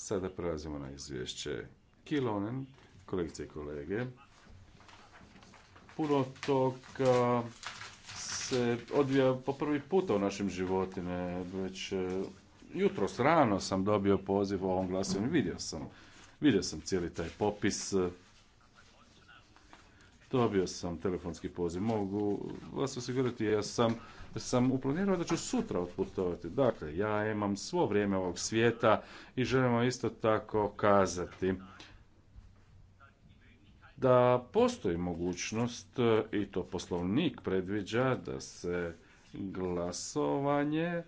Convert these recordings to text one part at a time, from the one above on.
Sada prelazimo na izvješće Kilonen, kolegice i kolege. Puno toga se odvija po prvi puta u našim životine. Već e, jutro rano sam dobio poziv u ovom glasanju. Vidio vidio sam cijeli taj popis Dobio sam telefonski poziv, mogu vas osigurati, ja sam, sam uplanirao da ću sutra otputovati. Dakle, ja imam svo vrijeme ovog svijeta i želimo isto tako kazati da postoji mogućnost, i to poslovnik predviđa, da se glasovanje eh,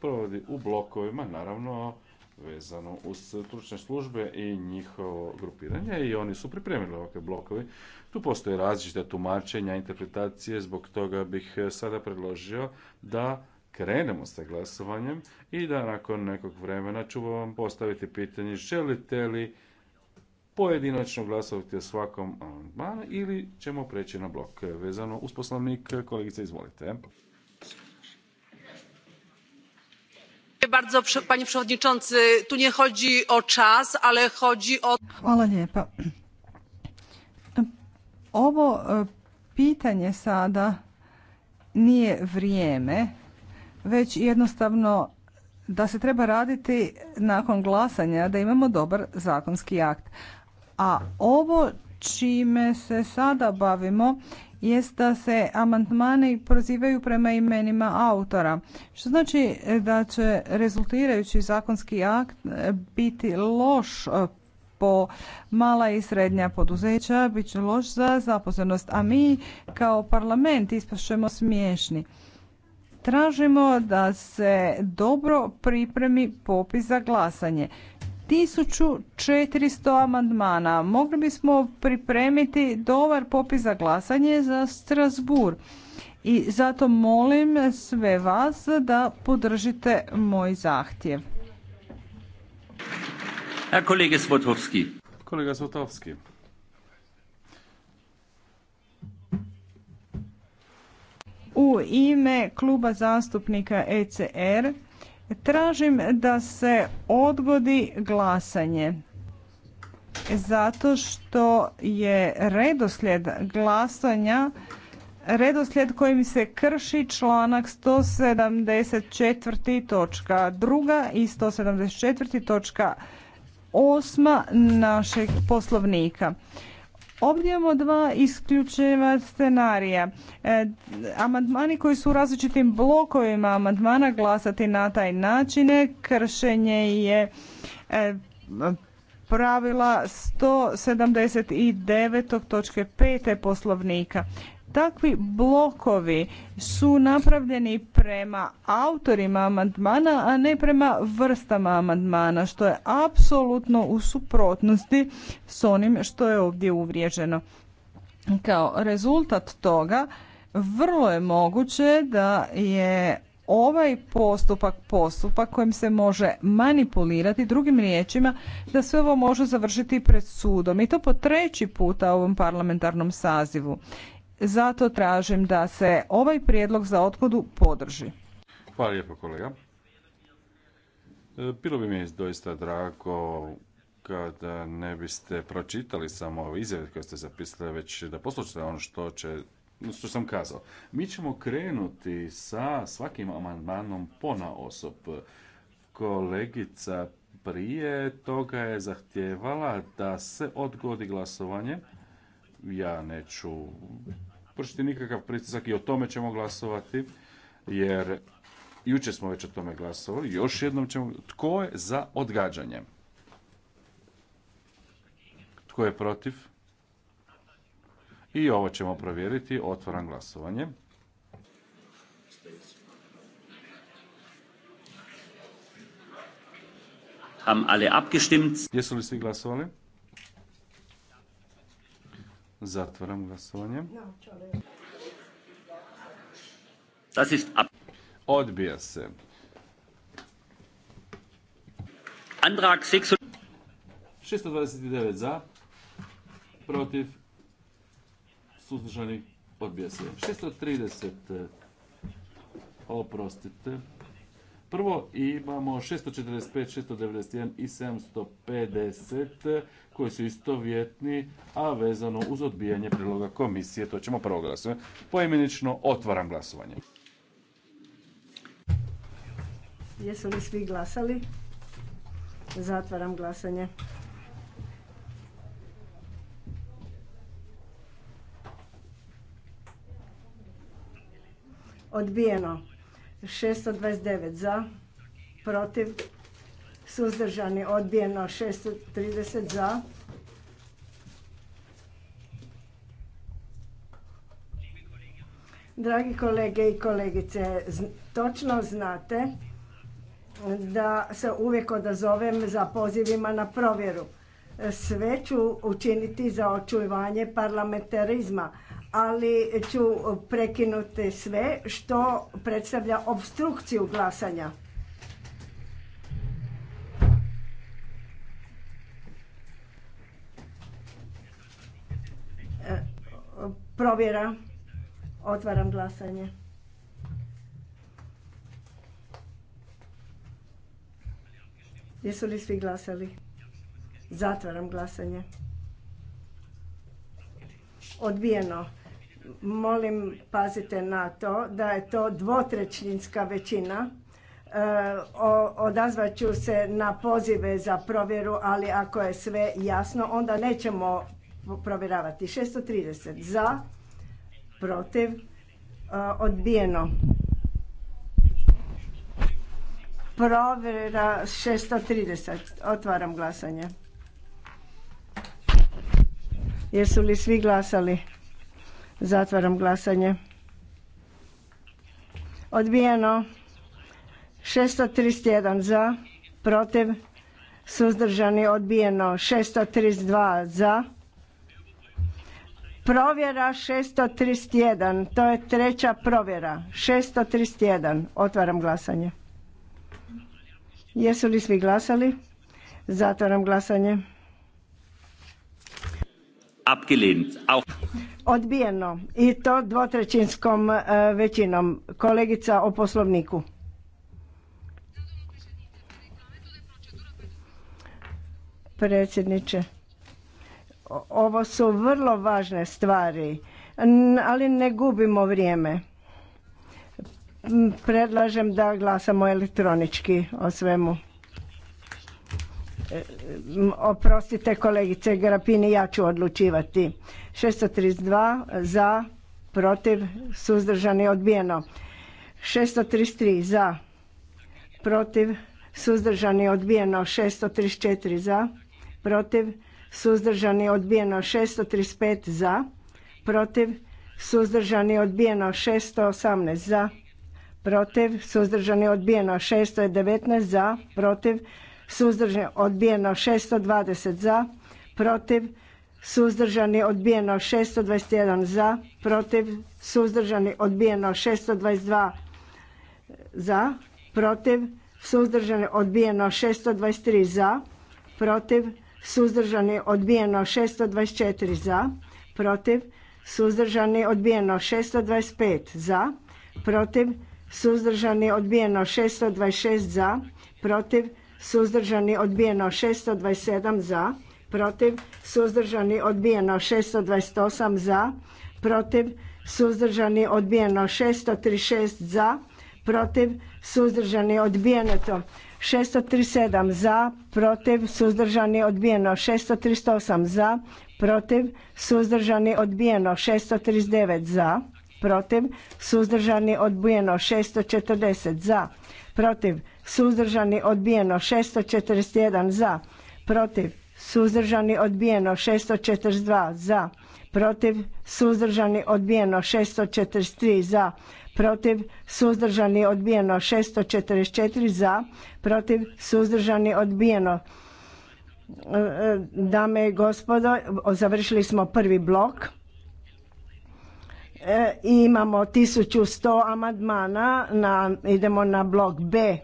provodi u blokovima, naravno vezano uz stručne službe i njihovo grupiranje i oni su pripremili ovakve blokovi. Tu postoje različita tumačenja, interpretacije, zbog toga bih eh, sada predložio da krenemo sa glasovanjem i da nakon nekog vremena ću vam postaviti pitanje želite li pojedinačno glasovati o svakom amandmanu ili ćemo preći na blok eh, vezano uz poslovnik. Kolegice, izvolite. panie przewodniczący! tu nie chodzi o czas ale chodzi o. ovo e, pitanje sada nije vrijeme već jednostavno da se treba raditi nakon glasanja da imamo dobar zakonski akt a ovo čime se sada bavimo jest da se amandmani prozivaju prema imenima autora, što znači da će rezultirajući zakonski akt e, biti loš e, po mala i srednja poduzeća, bit će loš za zaposlenost, a mi kao parlament ispašćemo smiješni. Tražimo da se dobro pripremi popis za glasanje. 1400 amandmana. Mogli bismo pripremiti dobar popis za glasanje za Strasbourg. I zato molim sve vas da podržite moj zahtjev. Herr Svotovski. Kolega Svotovski. U ime kluba zastupnika ECR Tražim da se odgodi glasanje zato što je redoslijed glasanja redoslijed kojim se krši članak 174. točka 2. i 174. točka 8. našeg poslovnika. Ovdje imamo dva isključiva scenarija. E, amandmani koji su u različitim blokovima amandmana glasati na taj način kršenje je e, pravila 179. točke 5. poslovnika. Takvi blokovi su napravljeni prema autorima amandmana, a ne prema vrstama amandmana, što je apsolutno u suprotnosti s onim što je ovdje uvriježeno. Kao rezultat toga, vrlo je moguće da je ovaj postupak postupak kojim se može manipulirati drugim riječima da sve ovo može završiti pred sudom i to po treći puta u ovom parlamentarnom sazivu zato tražim da se ovaj prijedlog za odgodu podrži. Hvala lijepo kolega. E, bilo bi mi doista drago kada ne biste pročitali samo ove izjave koje ste zapisali, već da poslušate ono što će što sam kazao. Mi ćemo krenuti sa svakim amandmanom pona osob. Kolegica prije toga je zahtjevala da se odgodi glasovanje. Ja neću vršiti nikakav pritisak i o tome ćemo glasovati, jer jučer smo već o tome glasovali, još jednom ćemo... Tko je za odgađanje? Tko je protiv? I ovo ćemo provjeriti. Otvaram glasovanje. Jesu li svi glasovali? Zatvaram glasovanje. Odbija se. Antrag 629 za, protiv, suzdržani, odbija se. 630, oprostite, Prvo imamo 645, 691 i 750 koji su istovjetni, a vezano uz odbijanje priloga komisije. To ćemo prvo glasovati. Poimenično otvaram glasovanje. Jesu li svi glasali? Zatvaram glasanje. Odbijeno. 629 za, protiv, suzdržani, odbijeno 630 za, Dragi kolege i kolegice, točno znate da se uvijek odazovem za pozivima na provjeru. Sve ću učiniti za očuvanje parlamentarizma, ali ću prekinuti sve što predstavlja obstrukciju glasanja. E, provjera. Otvaram glasanje. Jesu li svi glasali? Zatvaram glasanje. Odbijeno. Molim, pazite na to, da je to dvotrećinska većina. E, odazvat ću se na pozive za provjeru, ali ako je sve jasno, onda nećemo provjeravati. 630 za, protiv, e, odbijeno. Provjera 630. Otvaram glasanje. Jesu li svi glasali? Zatvaram glasanje. Odbijeno. 631 za, protiv, suzdržani, odbijeno. 632 za. Provjera 631, to je treća provjera. 631, otvaram glasanje. Jesu li svi glasali? Zatvaram glasanje. Odbijeno i to dvotrećinskom e, većinom. Kolegica o poslovniku. Predsjedniče, ovo su vrlo važne stvari, ali ne gubimo vrijeme. Predlažem da glasamo elektronički o svemu. Eh, oprostite kolegice Grapini, ja ću odlučivati. 632 za, protiv, suzdržani, odbijeno. 633 za, protiv, suzdržani, odbijeno. 634 za, protiv, suzdržani, odbijeno. 635 za, protiv, suzdržani, odbijeno. 618 za, protiv, suzdržani, odbijeno. 619 za, protiv, suzdržani odbijeno 620 za, protiv suzdržani odbijeno 621 za, protiv suzdržani odbijeno 622 za, protiv suzdržani odbijeno 623 za, protiv suzdržani odbijeno 624 za, protiv suzdržani odbijeno 625 za, protiv suzdržani odbijeno 626 za, protiv suzdržani odbijeno 627 za, protiv, suzdržani odbijeno 628 za, protiv, suzdržani odbijeno 636 za, protiv, suzdržani odbijeno to 637 za, protiv, suzdržani odbijeno 638 za, protiv, suzdržani odbijeno 639 za protiv, suzdržani odbijeno 640 za, protiv, suzdržani odbijeno 641 za, protiv, suzdržani odbijeno 642 za, protiv, suzdržani odbijeno 643 za, protiv, suzdržani odbijeno 644 za, protiv, suzdržani odbijeno e, e, Dame i gospodo, završili smo prvi blok. E, i imamo 1100 amandmana, na, idemo na blok B. E,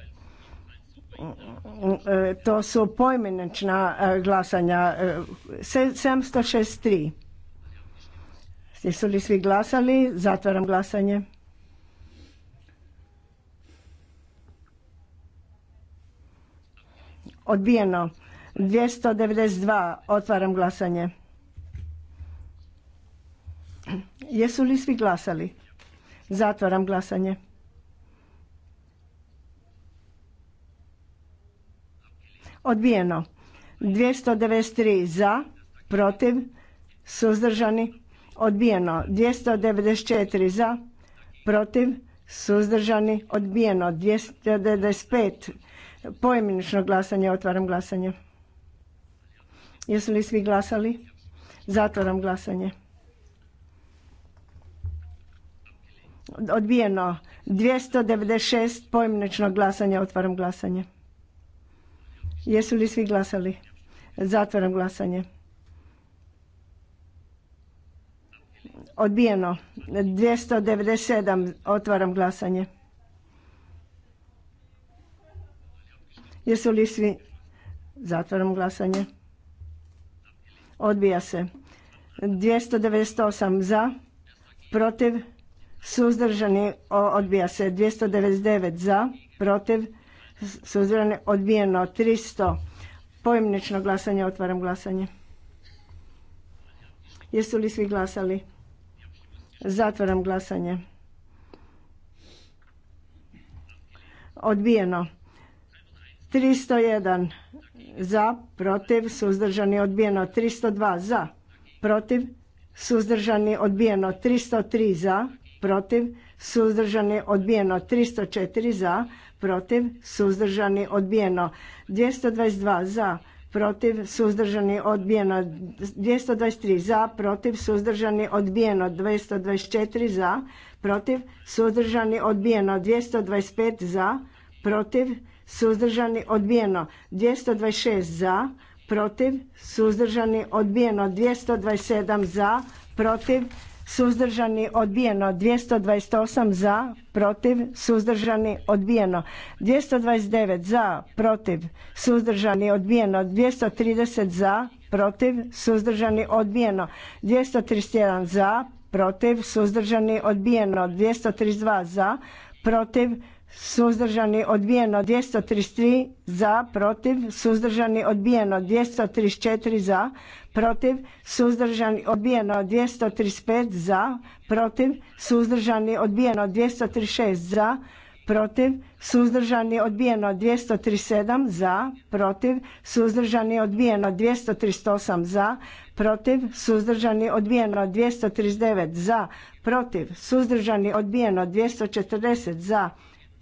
to su pojmenična e, glasanja 763. Jesu li svi glasali? Zatvaram glasanje. Odbijeno. 292. Otvaram glasanje. Jesu li svi glasali? Zatvaram glasanje. Odbijeno. 293 za, protiv, suzdržani. Odbijeno. 294 za, protiv, suzdržani. Odbijeno. 295 pojemnično glasanje. Otvaram glasanje. Jesu li svi glasali? Zatvaram glasanje. odbijeno 296 poimenično glasanje otvaram glasanje jesu li svi glasali zatvaram glasanje odbijeno 297 otvaram glasanje jesu li svi zatvaram glasanje odbija se 298 za protiv suzdržani odbija se 299 za, protiv, suzdržani odbijeno 300. Pojemnično glasanje, otvaram glasanje. Jesu li svi glasali? Zatvaram glasanje. Odbijeno. 301 za, protiv, suzdržani, odbijeno. 302 za, protiv, suzdržani, odbijeno. 303 za, protiv, suzdržani, odbijeno. 304 za, protiv, suzdržani, odbijeno. 222 za, protiv, suzdržani, odbijeno. 223 za, protiv, suzdržani, odbijeno. 224 za, protiv, suzdržani, odbijeno. 225 za, protiv, suzdržani, odbijeno. 226 za, protiv, suzdržani, odbijeno. 227 za, protiv, suzdržani odbijeno 228 za protiv suzdržani odbijeno 229 za protiv suzdržani odbijeno 230 za protiv suzdržani odbijeno 231 za protiv suzdržani odbijeno 232 za protiv suzdržani odbijeno 233 za protiv suzdržani odbijeno 234 za protiv, suzdržani, odbijeno 235 za, protiv, suzdržani, odbijeno 236 za, protiv, suzdržani, odbijeno 237 za, protiv, suzdržani, odbijeno 238 za, protiv, suzdržani, odbijeno 239 za, protiv, suzdržani, odbijeno 240 za,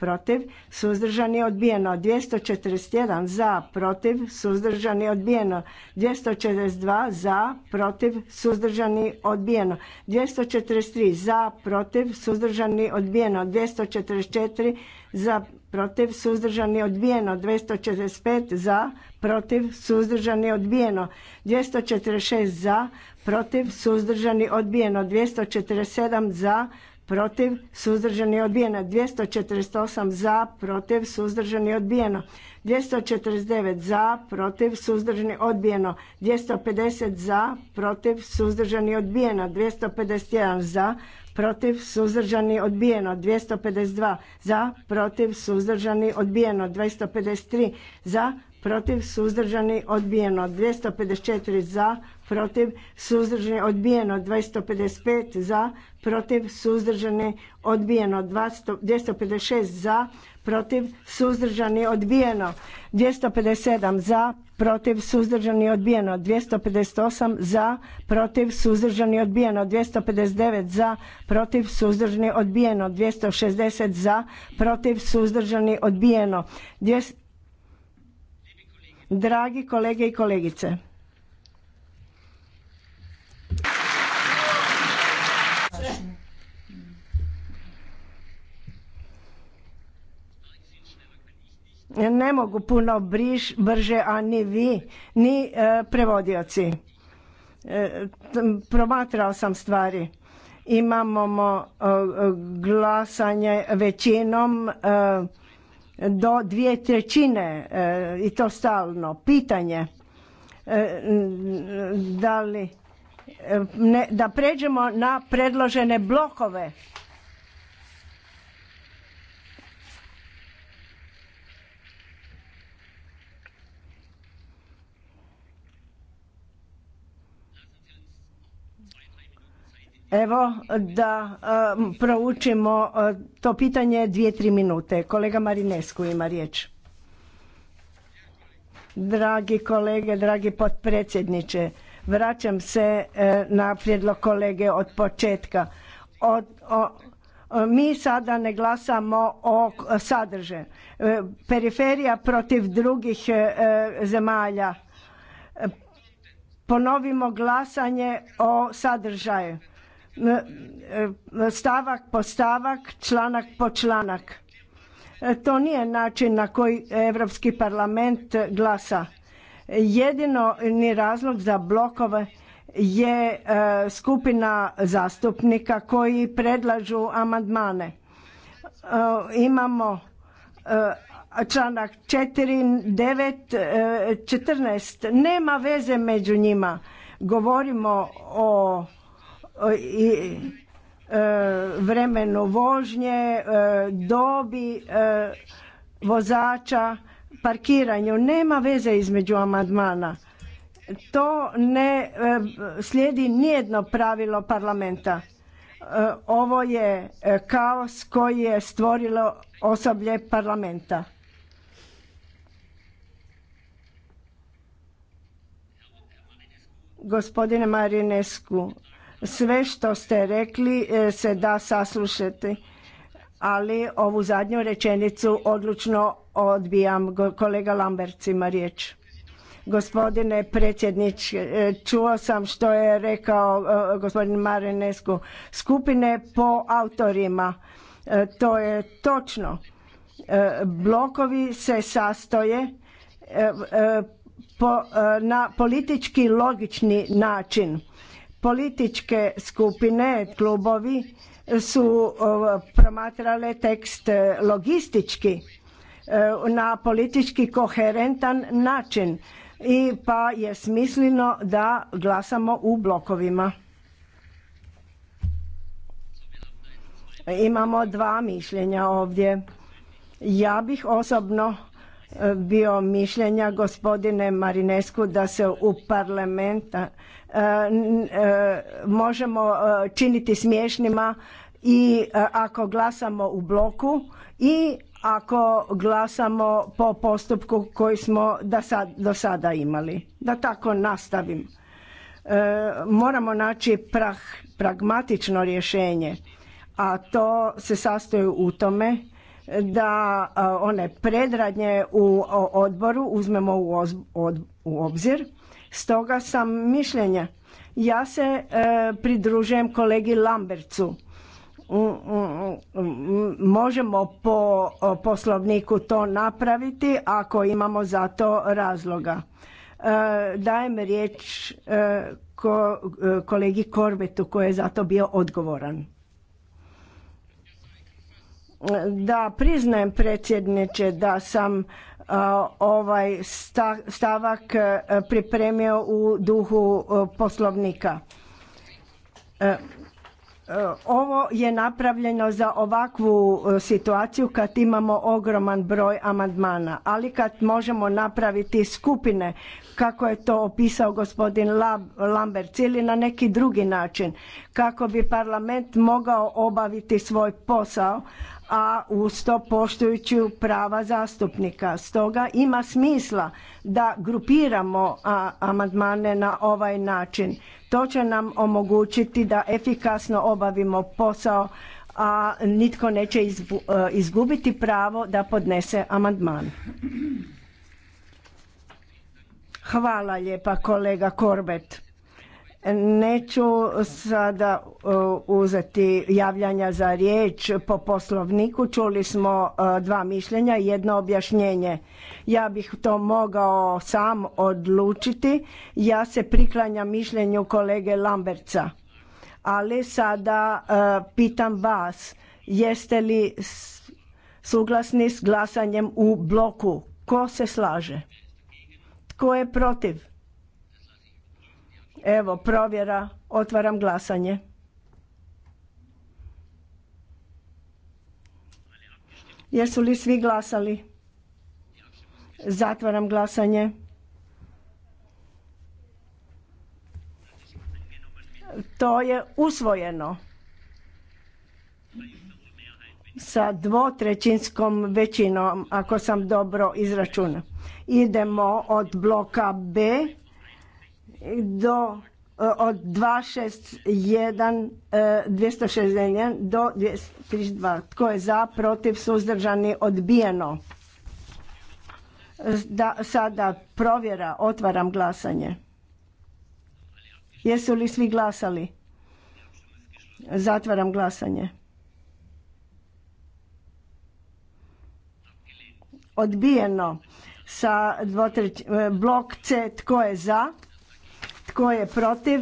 protiv, suzdržani odbijeno 241 za, protiv, suzdržani odbijeno 242 za, protiv, suzdržani odbijeno 243 za, protiv, suzdržani odbijeno 244 za, protiv, suzdržani odbijeno 245 za, protiv, suzdržani odbijeno 246 za, protiv, suzdržani odbijeno 247 za, protiv, suzdržani odbijeno. 248 za, protiv, suzdržani odbijeno. 249 za, protiv, suzdržani odbijeno. 250 za, protiv, suzdržani odbijeno. 251 za, protiv, suzdržani odbijeno. 252 za, protiv, suzdržani odbijeno. 253 za, protiv, suzdržani odbijeno. 254 za, protiv, suzdržani, odbijeno 255 za, protiv, suzdržani, odbijeno 256 za, protiv, suzdržani, odbijeno 257 za, protiv, suzdržani, odbijeno 258 za, protiv, suzdržani, odbijeno 259 za, protiv, suzdržani, odbijeno 260 za, protiv, suzdržani, odbijeno. Dragi kolege i kolegice, Ne mogu puno briš, brže, a ni vi, ni e, prevodioci. E, promatrao sam stvari. Imamo e, glasanje većinom do dvije trećine i to stalno. Pitanje da li da pređemo na predložene blokove Evo da proučimo e, to pitanje dvije, tri minute. Kolega Marinesku ima riječ. Dragi kolege, dragi potpredsjedniče, vraćam se e, na prijedlog kolege od početka. Od, o, mi sada ne glasamo o sadržaju. E, periferija protiv drugih zemalja. Ponovimo glasanje o sadržaju E, e, stavak po stavak, članak po članak. E, to nije način na koji Europski parlament glasa. Jedino ni razlog za blokove je skupina zastupnika koji predlažu amandmane. Imamo članak 4, 9, 14. Nema veze među njima. Govorimo o i e, vremenu vožnje, e, dobi e, vozača, parkiranju. Nema veze između amandmana. To ne slijedi nijedno pravilo parlamenta. Ovo je kaos koji je stvorilo osoblje parlamenta. Gospodine Marinesku, sve što ste rekli e, se da saslušati, ali ovu zadnju rečenicu odlučno odbijam. Kolega Lamberts ima riječ. Gospodine predsjedniče, e, čuo sam što je rekao e, gospodin Marinescu. Skupine po autorima, to je točno. Blokovi se sastoje na politički logični način Političke skupine, klubovi su promatrale tekst e, logistički e, na politički koherentan način i pa je smisleno da glasamo u blokovima. Imamo dva mišljenja ovdje. Ja bih osobno e, bio mišljenja gospodine Marinesku da se u parlamenta E, e, možemo e, činiti smiješnima i ako glasamo u bloku i ako glasamo po postupku koji smo do sada imali. Da tako nastavim. Moramo naći prah, pragmatično rješenje, a to se sastoji u tome da one predradnje u odboru uzmemo u obzir Stoga sam mišljenja. Ja se e, pridružujem kolegi Lambercu. Mm, mm, mm, možemo po poslovniku to napraviti ako imamo za to razloga. E, dajem riječ e, kolegi Korbetu koji je za to bio odgovoran. Da, priznajem predsjedniče da sam ovaj stavak e, pripremio u duhu e, poslovnika. E, ovo je napravljeno za ovakvu situaciju kad imamo ogroman broj amandmana, ali kad možemo napraviti skupine kako je to opisao gospodin Lambert ili na neki drugi način kako bi parlament mogao obaviti svoj posao a uz to poštujući prava zastupnika. Stoga ima smisla da grupiramo amandmane na ovaj način. To će nam omogućiti da efikasno obavimo posao, a nitko neće e, izgubiti pravo da podnese amandman. Hvala lijepa kolega Korbet. Neću sada e, uzeti javljanja za riječ po poslovniku. Čuli smo e, dva mišljenja i jedno objašnjenje. Ja bih to mogao sam odlučiti. Ja se priklanjam mišljenju kolege Lamberca. Ali sada e, pitam vas, jeste li suglasni s glasanjem u bloku? Ko se slaže? Tko je protiv? Evo, provjera. Otvaram glasanje. Jesu li svi glasali? Zatvaram glasanje. To je usvojeno. Sa dvotrećinskom većinom, ako sam dobro izračuna. Idemo od bloka B do e, od 261 261 e, do 232 tko je za protiv suzdržani odbijeno da, sada provjera otvaram glasanje jesu li svi glasali zatvaram glasanje odbijeno sa dvotreć, e, blok C tko je za tko je protiv?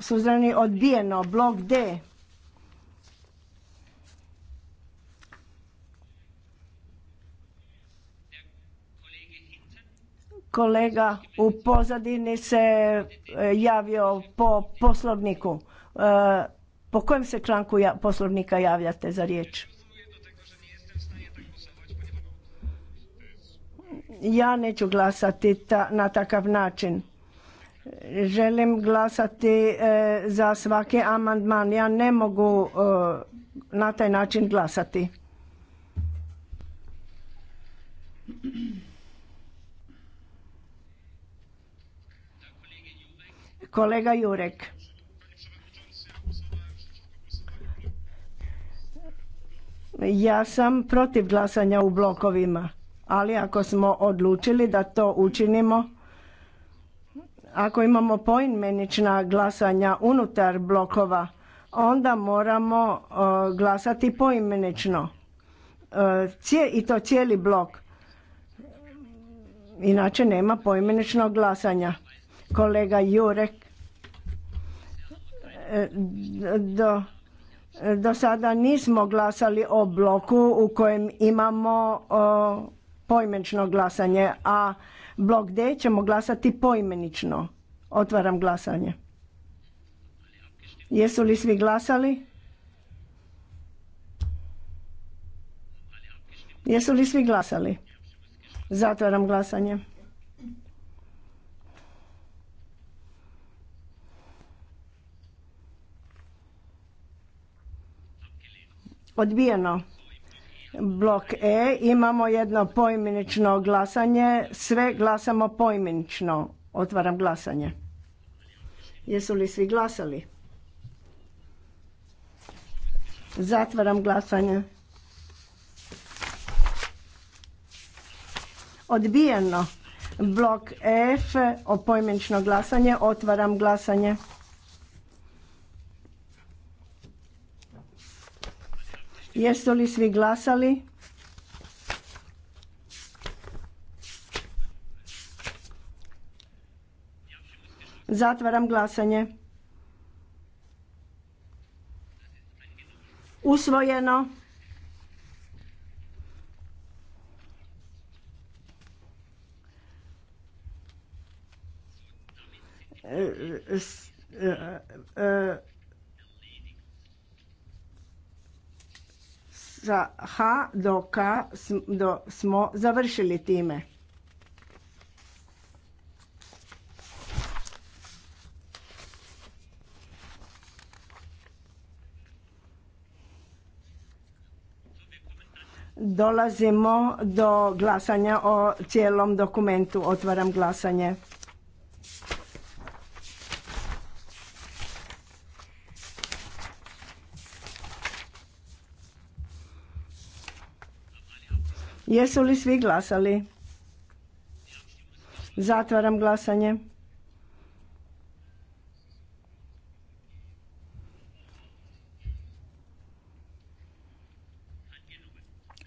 Suzdrani odbijeno. Blok D. Kolega u pozadini se e, javio po poslovniku. E, po kojem se članku poslovnika javljate za riječ? Ja neću glasati na takav način želim glasati e, za svaki amandman. Ja ne mogu e, na taj način glasati. Kolega Jurek. Ja sam protiv glasanja u blokovima, ali ako smo odlučili da to učinimo, ako imamo poimenična glasanja unutar blokova, onda moramo e, glasati poimenično. E, I to cijeli blok. Inače nema poimeničnog glasanja. Kolega Jurek e, do, do sada nismo glasali o bloku u kojem imamo poimenično glasanje, a Blok D ćemo glasati poimenično. Otvaram glasanje. Jesu li svi glasali? Jesu li svi glasali? Zatvaram glasanje. Odbijeno. Blok E imamo jedno poimenično glasanje. Sve glasamo poimenično. Otvaram glasanje. Jesu li svi glasali? Zatvaram glasanje. Odbijeno. Blok F, poimenično glasanje. Otvaram glasanje. Jesu li svi glasali? Zatvaram glasanje. Usvojeno. E, e, e, sa H do K smo završili time. Dolazimo do glasanja o cijelom dokumentu. Otvaram glasanje. Jesu li svi glasali? Zatvaram glasanje.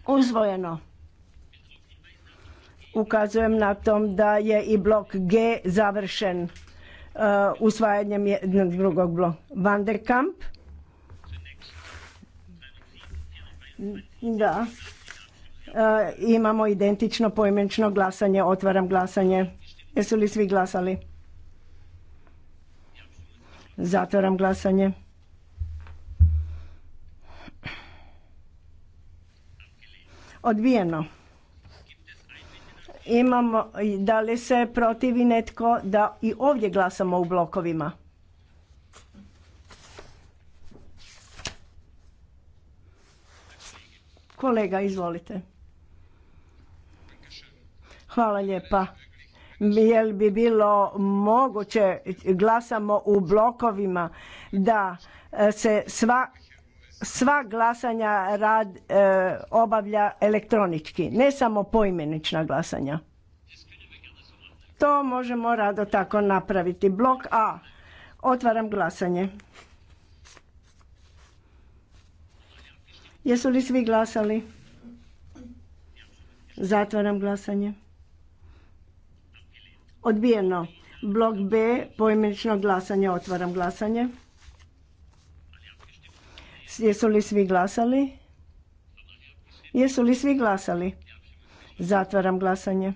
Uzvojeno. Ukazujem na tom da je i blok G završen uh, usvajanjem jednog drugog bloka. Van der Da. E, imamo identično poimenično glasanje. Otvaram glasanje. Jesu li svi glasali? Zatvaram glasanje. Odbijeno. Imamo, da li se protivi netko da i ovdje glasamo u blokovima? Kolega, izvolite. Hvala lijepa. Jel bi bilo moguće, glasamo u blokovima, da e, se sva, sva glasanja rad, e, obavlja elektronički, ne samo poimenična glasanja. To možemo rado tako napraviti. Blok A. Otvaram glasanje. Jesu li svi glasali? Zatvaram glasanje. Odbijeno. Blok B, pojmenično glasanje, otvaram glasanje. Jesu li svi glasali? Jesu li svi glasali? Zatvaram glasanje.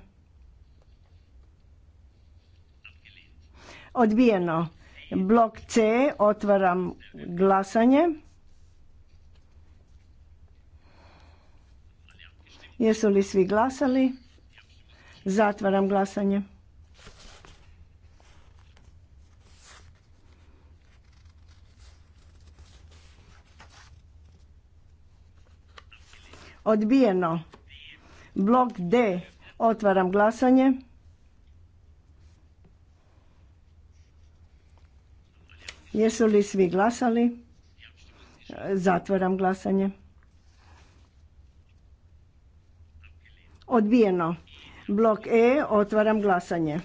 Odbijeno. Blok C, otvaram glasanje. Jesu li svi glasali? Zatvaram glasanje. Odbijeno. Blok D. Otvaram glasanje. Jesu li svi glasali? Zatvaram glasanje. Odbijeno. Blok E. Otvaram glasanje.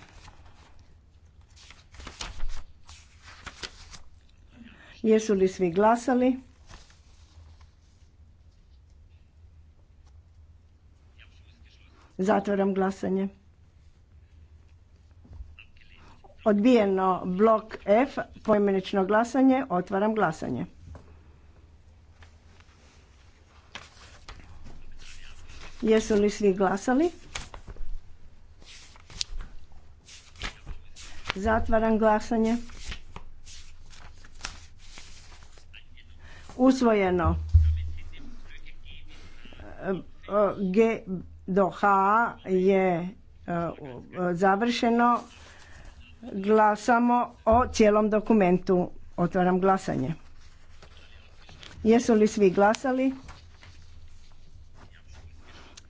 Jesu li svi glasali? Zatvaram glasanje. Odbijeno blok F, poimenično glasanje, otvaram glasanje. Jesu li svi glasali? Zatvaram glasanje. Usvojeno. G do H je e, završeno. Glasamo o cijelom dokumentu. Otvaram glasanje. Jesu li svi glasali?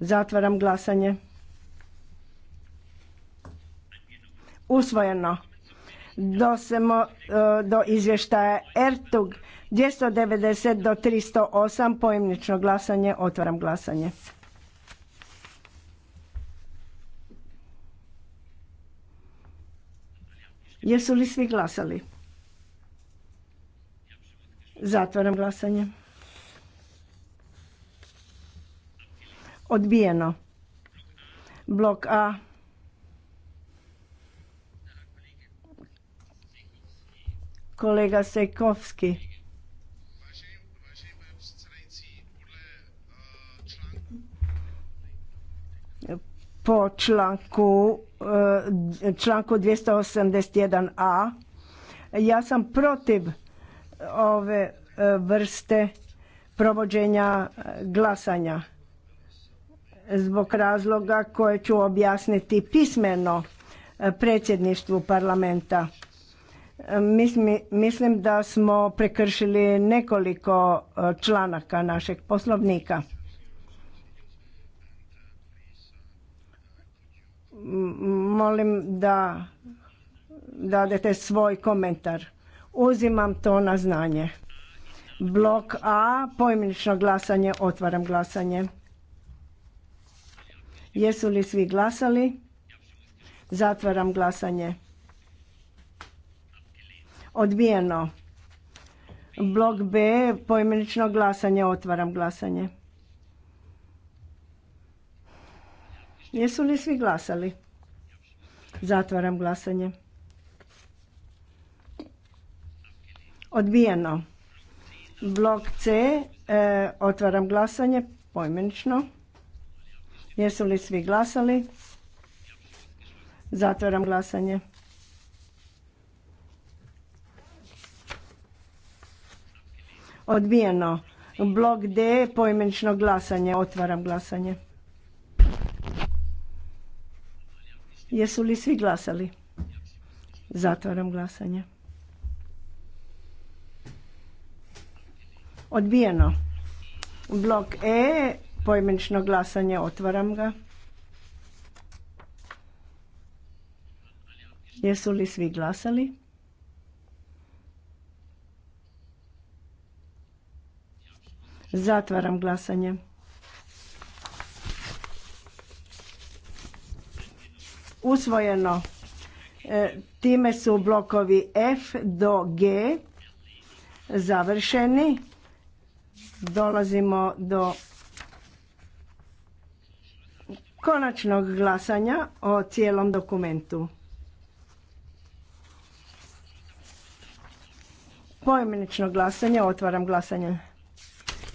Zatvaram glasanje. Usvojeno. Dosemo e, do izvještaja Ertug 290 do 308 pojemnično glasanje. Otvaram glasanje. Jesu li svi glasali? Zatvaram glasanje. Odbijeno. Blok A. Kolega Sejkovski. po članku, e, članku 281a. Ja sam protiv ove e, vrste provođenja e, glasanja zbog razloga koje ću objasniti pismeno predsjedništvu parlamenta. Mislim da smo prekršili nekoliko članaka našeg poslovnika. molim da dadete svoj komentar. Uzimam to na znanje. Blok A, pojmenično glasanje, otvaram glasanje. Jesu li svi glasali? Zatvaram glasanje. Odbijeno. Blok B, pojmenično glasanje, otvaram glasanje. Jesu li svi glasali? Zatvaram glasanje. Odbijeno. Blok C. E, otvaram glasanje pojmenično. Jesu li svi glasali? Zatvaram glasanje. Odbijeno. Blok D. Pojmenično glasanje. Otvaram glasanje. Jesu li svi glasali? Zatvaram glasanje. Odbijeno. Blok E, pojmenično glasanje, otvaram ga. Jesu li svi glasali? Zatvaram glasanje. usvojeno. E, time su blokovi F do G završeni. Dolazimo do konačnog glasanja o cijelom dokumentu. Pojmenično glasanje, otvaram glasanje.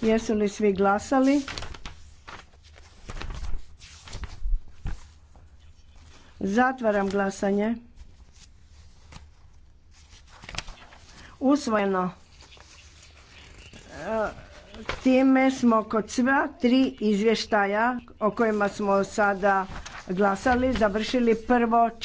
Jesu li svi glasali? Zatvaram glasanje. Usvojeno. E, time smo kod sva tri izvještaja o kojima smo sada glasali završili prvo